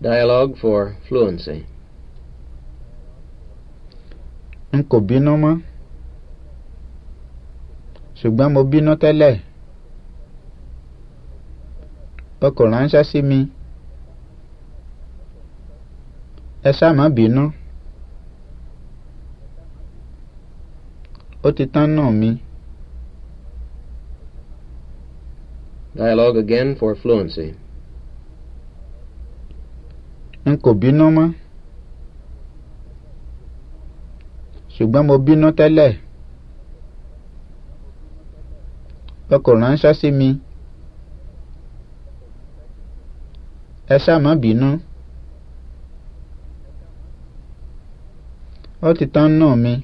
Dialogue for fluency. N kò bínú mọ́. Ṣùgbọ́n mo bínú tẹ́lẹ̀. Ẹ kò ránṣẹ́ sí mi. Ẹ ṣáà bínú. Ó ti tán náà mi. Dialogue again for fluency n kò bínú mọ́ ṣùgbọ́n mo bínú tẹ́lẹ̀ ẹ kò ránṣẹ́ sí mi ẹ ṣá má bínú ó ti tán nù mi.